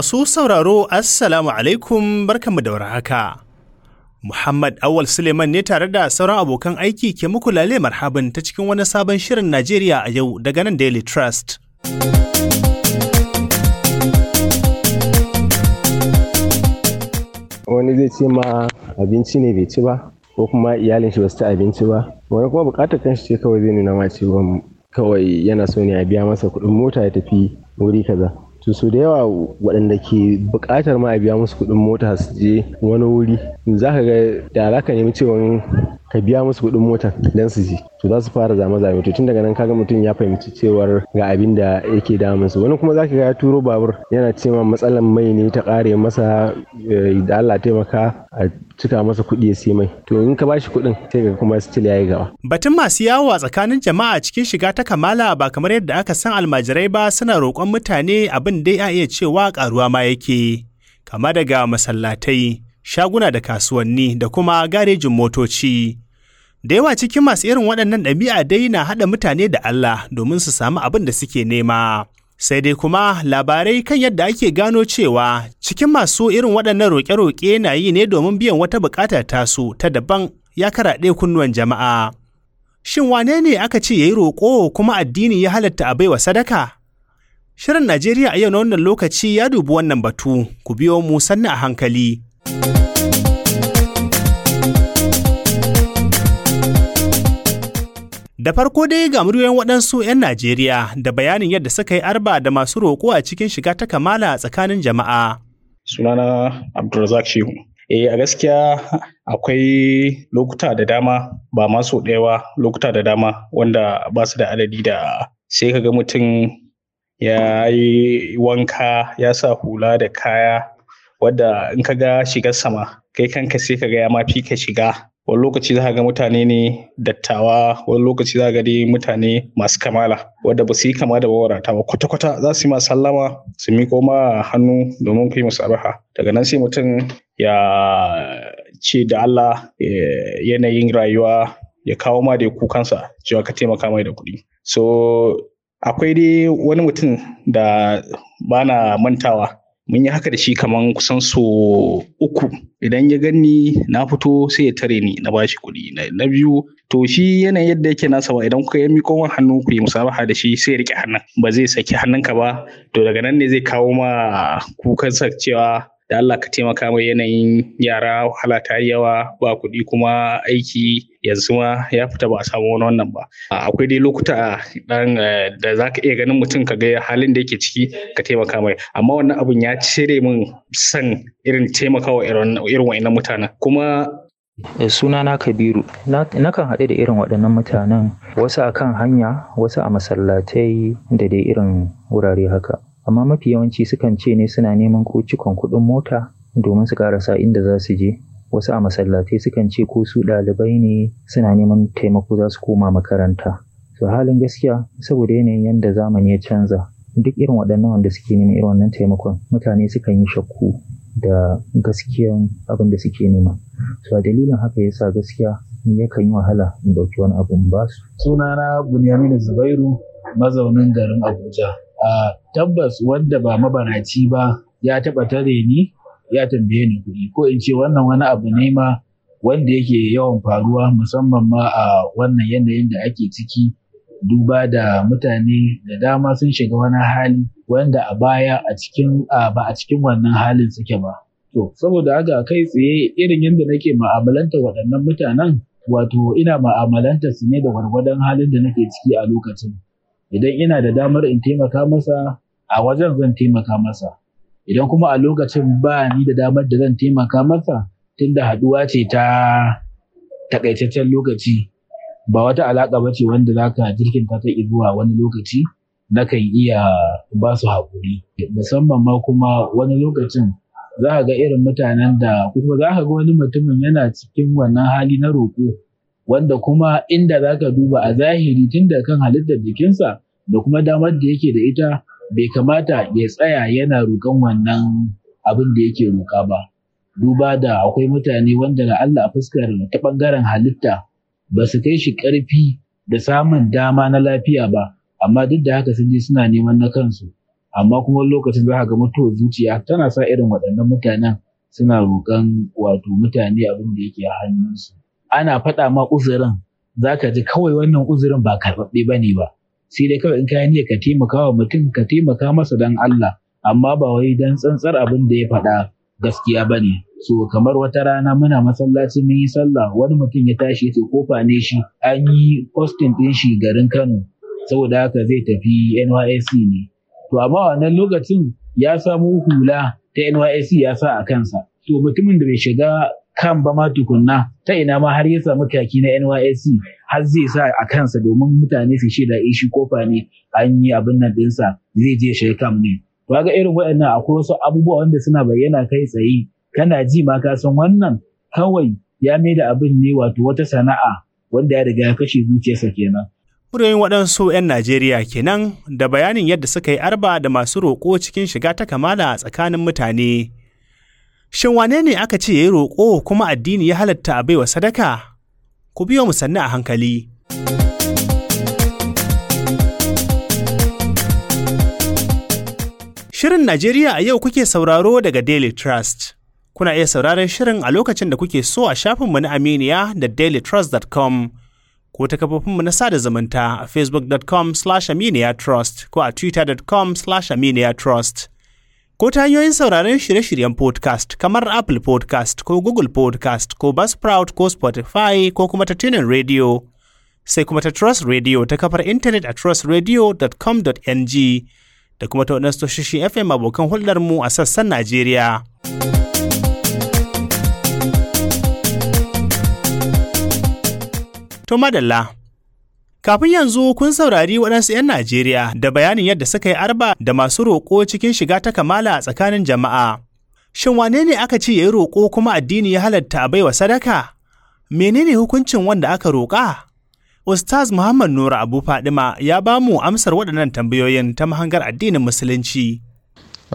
Masu sauraro Assalamu alaikum barkanmu da warhaka. Muhammad Awal Suleiman ne tare da sauran abokan aiki ke muku lale marhabin ta cikin wani sabon shirin Najeriya a yau daga nan Daily Trust. Wani zai ce ma abinci ne bai ci ba, ko kuma iyalin shi basu ci abinci ba. Wani kuma bukatar kanshi ce kawai zai nuna ma cewa kawai yana so ne a biya masa kuɗin mota ya tafi wuri kaza. to so da yawa waɗanda ke buƙatar ma a biya musu kuɗin mota su je wani wuri za ka ga da za ka nemi cewa ka biya musu kuɗin mota don su ji to za su fara zama zame to tun daga nan kaga mutum ya fahimci cewar ga abin da yake su wani kuma zaka ga ya turo babur yana cewa matsalar mai ne ta kare masa eh, da Allah taimaka a cika masa kuɗi ya sai mai to in ka bashi kuɗin sai ga kuma still yayi gaba batun masu yawo a tsakanin jama'a cikin shiga ta kamala ba kamar yadda aka san almajirai ba suna roƙon mutane abin dai a iya cewa ƙaruwa ma yake kama daga masallatai shaguna da kasuwanni da kuma garejin motoci. Da yawa cikin masu irin waɗannan ɗabi'a dai na haɗa mutane da Allah domin su samu abin da suke nema. Sai dai kuma labarai kan yadda ake gano cewa cikin masu irin waɗannan roƙe-roƙe na yi ne domin biyan wata ta tasu ta daban ya karaɗe kunnuwan jama'a. Shin wane ne aka ce ya yi roƙo kuma addini ya halatta a baiwa sadaka? Shirin Najeriya a yau na wannan lokaci ya dubi wannan batu, ku biyo mu sannu a hankali. Da farko dai ga muryoyin waɗansu 'yan Najeriya da bayanin yadda suka yi arba da masu roƙo a cikin shiga ta kamala a tsakanin jama'a. Sunana Abdulrazak Shehu. Eh a gaskiya akwai lokuta da dama ba masu ɗaya lokuta da dama wanda ba su da adadi da sai ka ga mutum ya yi wanka ya sa hula da kaya wadda in ka ga shigar sama kai kanka sai ka ga ya ma ka shiga wani lokaci za ga mutane ne dattawa wani lokaci za ga dai mutane masu kamala wadda ba su yi kama da wawarata ba kwata-kwata za su yi masu sallama su miƙo ma hannu domin ku yi musu abaha daga nan sai mutum ya ce da Allah yanayin rayuwa ya kawo ma da kukansa cewa ka taimaka mai da kuɗi so akwai dai wani mutum da bana mantawa mun yi haka da shi kaman kusan so uku idan ya ganni na fito sai ya tare ni na bashi kuɗi na biyu to shi yanayin yadda yake nasa ba idan kuka yi miƙon hannu ku yi musabaha da shi sai ya riƙe hannun ba zai saki hannunka ba to daga nan ne zai kawo ma kukan cewa da Allah ka taimaka mai yanayin yara wahala ta yi yawa ba kuɗi kuma aiki yanzu ma ya fita ba a samu wani wannan ba akwai dai lokuta dan eh, da za ka iya ganin mutum ka ga halin da yake ciki ka taimaka mai amma wannan abun ya cire min san irin taimakawa irin wa'annan mutanen kuma eh, sunana kabiru nakan haɗe da irin waɗannan mutanen wasu a kan hanya wasu a masallatai da dai irin wurare haka amma mafi yawanci sukan ce ne suna neman ko cikon kuɗin mota domin su sa inda za su je wasu a masallatai sukan ce ko su ɗalibai ne suna neman taimako za su koma makaranta to halin gaskiya saboda yanayin yadda zamani ya canza duk irin waɗannan wanda suke neman irin wannan taimakon mutane sukan yi shakku da gaskiyan abin da suke nema so a dalilin haka yasa gaskiya yakan yi wahala in ɗauki wani abun ba su sunana bunyamin zubairu mazaunin garin abuja tabbas wanda ba mabaraci ba ya taɓa tare ni ya tambaye ni kuɗi ko in ce wannan wani abu ne ma wanda yake yawan faruwa musamman ma a wannan yanayin da ake ciki duba da mutane da dama sun shiga wani hali wanda a baya a cikin ba a cikin wannan halin suke ba to saboda haka kai tsaye irin yadda nake ma'amalanta waɗannan mutanen wato ina ma'amalanta su ne da gwargwadon halin da nake ciki a lokacin idan ina da damar in taimaka masa a wajen zan taimaka masa idan kuma a lokacin ba ni da damar da zan taimaka masa tunda haduwa ce ta takaitaccen lokaci ba wata alaƙa ba ce wanda za ka ta ta zuwa wani lokaci na kan iya ba su haƙuri musamman ma kuma wani lokacin za ka ga irin mutanen da kuma za ka ga wani mutumin yana cikin wannan hali na roƙo wanda kuma inda za ka duba a zahiri tun da kan halittar jikinsa da kuma damar da yake da ita bai kamata ya tsaya yana roƙon wannan abin da yake roƙa ba duba da akwai mutane wanda na Allah a fuskar ta ɓangaren halitta ba su kai shi ƙarfi da samun dama na lafiya ba amma duk da haka sun je suna neman na kansu amma kuma lokacin za ka ga mutuwar zuciya tana sa irin waɗannan mutanen suna roƙon wato mutane abin da yake hannunsu ana faɗa ma uzurin za ka ji kawai wannan uzurin ba karɓaɓɓe ba ne ba sai dai kawai in ka niyyar ka taimaka wa mutum ka taimaka masa don Allah amma ba wai don tsantsar abin da ya faɗa gaskiya ba ne so kamar wata rana muna masallaci mun yi sallah wani mutum ya tashi ya kofa ne shi an yi posting ɗin shi garin Kano saboda haka zai tafi NYSC ne to amma wannan lokacin ya samu hula ta NYSC ya sa a kansa to mutumin da bai shiga kan ba ma tukunna ta ina ma har ya samu kaki na NYSC har zai sa a kansa domin mutane su shaida ishi eh, ishi kofa ne an yi abin nan dinsa zai je shi kam ne to ga irin waɗannan akwai wasu abubuwa wanda suna bayyana kai tsaye kana ji ma ka san wannan kawai ya mai da abin ne wato wata sana'a wanda ya riga ya kashe zuciyarsa kenan Muryoyin waɗansu 'yan Najeriya kenan da bayanin yadda suka yi arba da masu roƙo cikin shiga ta kamala tsakanin mutane Shin wane ne aka ce ya yi roƙo kuma addini ya halatta a baiwa sadaka? Ku biyo mu sannu a hankali. Shirin Najeriya a yau kuke sauraro daga Daily Trust. Kuna iya sauraron shirin a lokacin da kuke so a shafinmu na Aminiya da dailytrust.com ko ta kafofinmu na sada zumunta a facebook.com/aminiya trust ko a twitter.com/aminiya trust. ko ta hanyoyin sauraron shirye-shiryen podcast kamar Apple podcast ko Google podcast ko Buzzsprout ko Spotify ko kuma ta tunin radio. Sai kuma ta Trust Radio ta kafar intanet a trustradio.com.ng da kuma ta waɗansu tashoshin FM abokan hulɗarmu a sassan Najeriya. To madalla. Kafin yanzu kun saurari waɗansu 'yan Najeriya da bayanin yadda suka yi arba da masu roƙo cikin shiga ta kamala a tsakanin jama'a. Shin wane ne aka ce ya yi roƙo kuma addini ya halatta a baiwa sadaka? Menene hukuncin wanda aka roƙa? Ustaz Muhammad Nura Abu Fadima ya ba mu amsar waɗannan tambayoyin ta mahangar addinin Musulunci.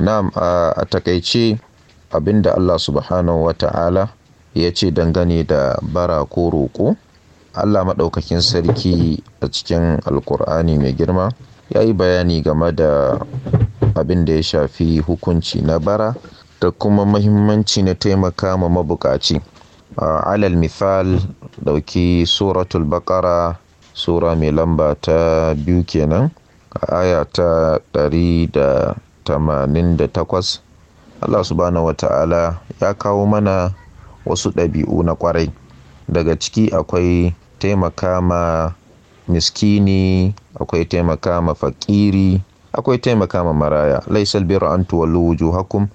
Na'am a takaice abinda Allah subhanahu wa ta'ala ya ce dangane da bara ko roƙo allah maɗaukakin sarki a cikin alƙur'ani mai girma ya yi bayani game da abin da ya shafi hukunci na bara da kuma mahimmanci na taimaka ma mabukaci alal misal ɗauki suratul bakara sura mai lamba ta biyu kenan a aya ta 188 allah subhanahu wata'ala ya kawo mana wasu ɗabi'u na kwarai daga ciki akwai taimaka ma miskini akwai taimaka ma fakiri akwai taimaka ma maraya laisal albirra an tuwallo wujuhakum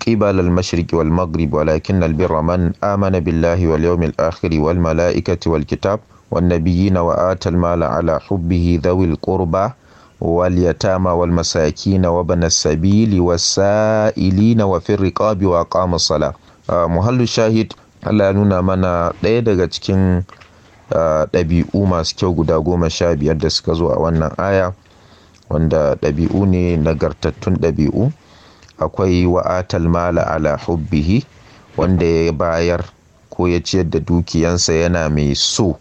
qibala al wal magrib walakin albirra man amana billahi wal yawmil akhiri wal malaikati wal kitab wan nabiyina wa atal mala ala hubbihi dhawil qurba wal yatama wal na wa bana sabili wasailina wa fir riqabi wa aqama salah ah, muhallu shahid ala nuna mana ɗaya daga cikin ɗabi'u masu kyau guda goma sha biyar da suka zo a wannan aya wanda ɗabi'u ne nagartattun ɗabi'u akwai wa'atal mala ala hubbihi wanda ya bayar ko ya ciyar da dukiyansa yana mai so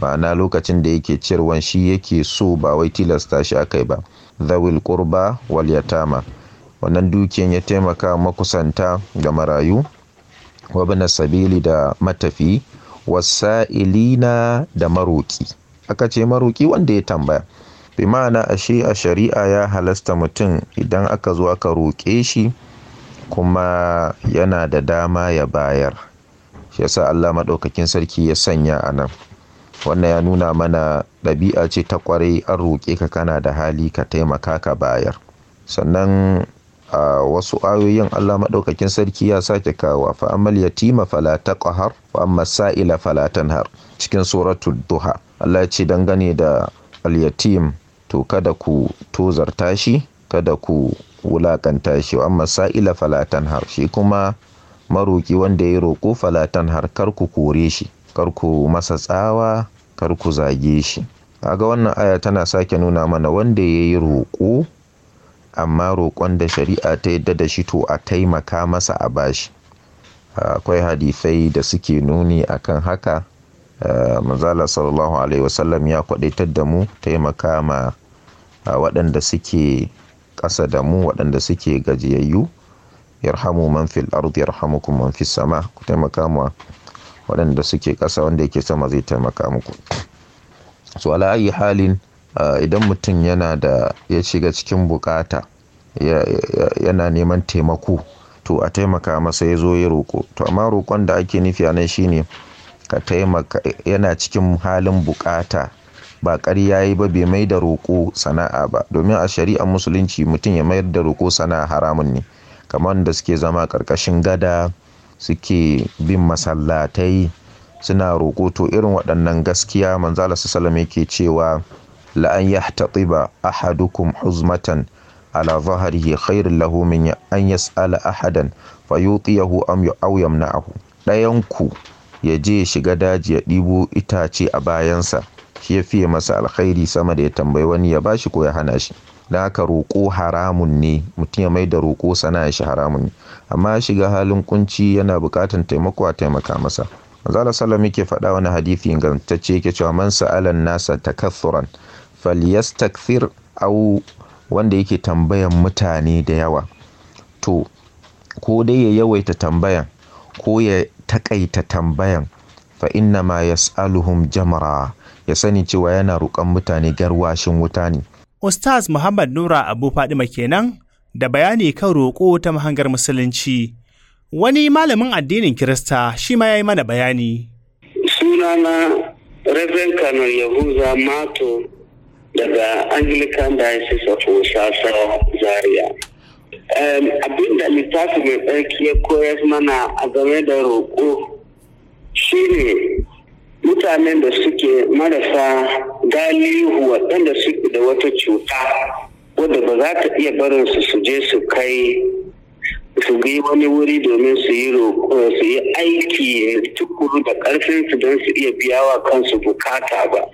ma'ana lokacin da yake ciyarwan shi yake so ba wai tilasta shi akai ba zawil qurba wal yatama wannan dukiyan ya taimaka makusanta ga marayu wa sabili da matafi wasa'ilina da maroƙi aka ce maroƙi wanda ya tambaya bi ma'ana ashe a shari'a ya halasta mutum idan aka zo aka roƙe shi kuma yana da dama ya bayar shi yasa Allah maɗaukakin sarki ya sanya a nan wannan ya nuna mana ɗabi'a ce ta ƙwarai an roƙe ka kana da hali ka taimaka ka bayar sannan a wasu ayoyin Allah maɗaukakin sarki ya sake kawo fa amal yatima fala taqhar wa amma sa'ila fala tanhar cikin suratul duha Allah ya ce dangane da al-yatim to kada ku tozarta shi kada ku wulakanta shi amma sa'ila falatan har shi kuma maroki wanda ya roko falatan har kar ku kore shi kar ku masa tsawa kar ku zage shi kaga wannan aya tana sake nuna mana wanda ya yi roƙo amma roƙon da shari'a ta yadda da shi to a taimaka masa a bashi akwai hadisai da suke nuni akan haka eh, manzala sallallahu alaihi wasallam ya kwadaitar da mu taimaka ma waɗanda suke ƙasa da mu waɗanda suke gajiyayyu yarhamu man fil ardi yarhamukum man fis sama ku taimaka ma waɗanda suke ƙasa wanda yake sama zai taimaka muku so ala ayi halin Eh, idan mutum yana da ya shiga cikin bukata yana neman taimako to a taimaka masa ya zo ya roko to amma rokon da ake nufi a nan shine ka taimaka yana cikin halin bukata ba ƙarya yi ba bai mai da roko sana'a ba domin a shari'ar musulunci mutum ya mayar da roko sana'a haramun ne kamar da suke zama ƙarƙashin gada suke bin masallatai suna roƙo to irin waɗannan gaskiya manzala salama yake cewa la'an a hadukun huzmatan ala ya khairun lahu min an a ahadan fayutiyahu am na ahu ɗayan ku ya je ya shiga daji ya ɗibo itace a bayansa shi ya fiye masa alkhairi sama da ya tambayi wani ya bashi ko ya hana shi da haka roƙo haramun ne mutum ya mai da roƙo sana shi haramun ne amma shiga halin kunci yana buƙatar taimako a taimaka masa manzala sallam yake faɗa wani hadisi ingantacce yake cewa man sa'alan nasa takathuran falyastakthir au wanda yake tambayan mutane da yawa to ko dai ya yawaita tambayan ko ya takaita tambayan fa inna ma yas'aluhum jamara ya sani cewa yana roƙon mutane garwashin wuta ne Ustaz Muhammad Nura Abu Fadima kenan da bayani kan roƙo ta mahangar musulunci wani malamin addinin Kirista shi ma ya yi mana bayani sunana Reverend Colonel Yahuza Mato daga anglican diocese of wasasa zaria Abin abinda littafi mai tsarki ya koyar mana a game da roƙo shine mutanen da suke marasa galihu waɗanda suke da wata cuta wadda ba za ta iya barin su su je su kai su gai wani wuri domin su yi roƙo su yi aiki tukuru da ƙarfinsu don su iya biyawa kansu bukata ba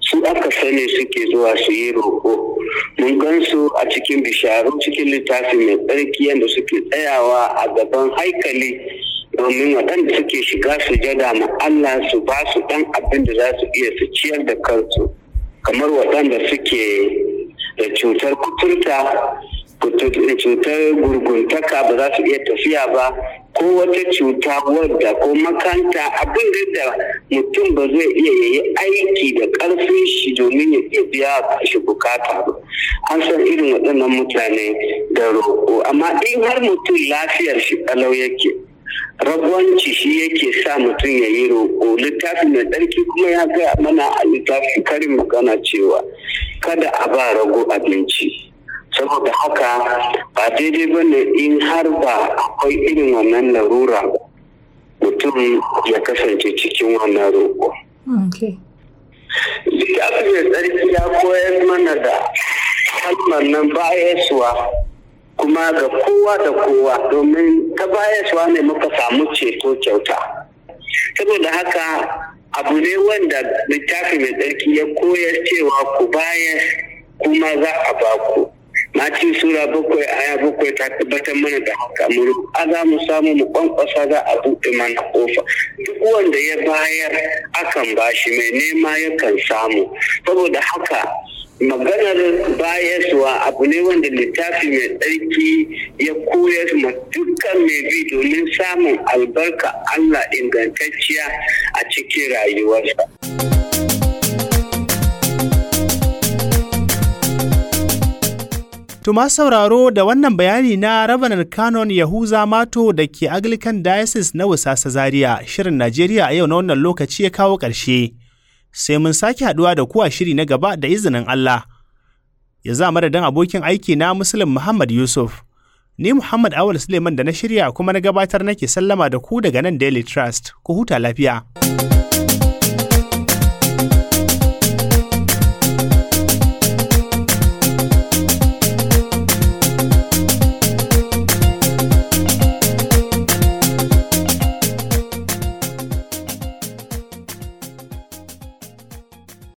su aka sani suke zuwa su yi roƙo mun gansu a cikin bisharu cikin littafi mai tsarki yadda suke tsayawa a gaban haikali domin waɗanda suke shiga su jada ma Allah su ba su ɗan abin da za su iya su ciyar da kansu kamar waɗanda suke da cutar kuturta cutar gurguntaka ba za su iya tafiya ba ko wata cuta wadda ko makanta abin da mutum ba zai iya yayi aiki da ƙarfin shi domin ya iya biya shi bukata ba an san irin waɗannan mutane da roƙo amma in har mutum lafiyar shi ƙalau yake ragwanci shi yake sa mutum ya yi roƙo littafi mai ɗarki kuma ya gaya mana a littafi karin magana cewa kada a ba rago abinci saboda haka ba daidai ba ne in har ba akwai irin wannan larura mutum ya kasance cikin wannan roƙo. Littafin da tsarki ya koyar mana da kalmar nan bayaswa kuma ga kowa da kowa domin ta bayaswa ne muka samu ceto kyauta. Saboda haka abu ne wanda littafin mai tsarki ya koyar cewa ku bayar kuma za a baku. Mati Sura bakwai aya bakwai ta tabbatar mana da haka mu a za mu samu mu kwankwasa za a buɗe mana kofa duk wanda ya bayar akan bashi mai nema yakan samu saboda haka maganar bayaswa abu ne wanda littafi mai tsarki ya koyar ma dukkan mai bi domin samun albarka Allah ingantacciya a cikin rayuwarsa. To masu sauraro da wannan bayani na Rabanar Canon Yahuza Mato da ke Anglican Diocese na wusasa Zaria, shirin Najeriya a yau na wannan lokaci ya kawo ƙarshe. Sai mun sake haɗuwa da kuwa shiri na gaba da izinin Allah. Ya za madadin abokin aiki na Muslim Muhammad Yusuf. Ni Muhammad Awal Suleiman da na shirya kuma na gabatar nake sallama da ku daga nan Daily Trust. Ku huta lafiya.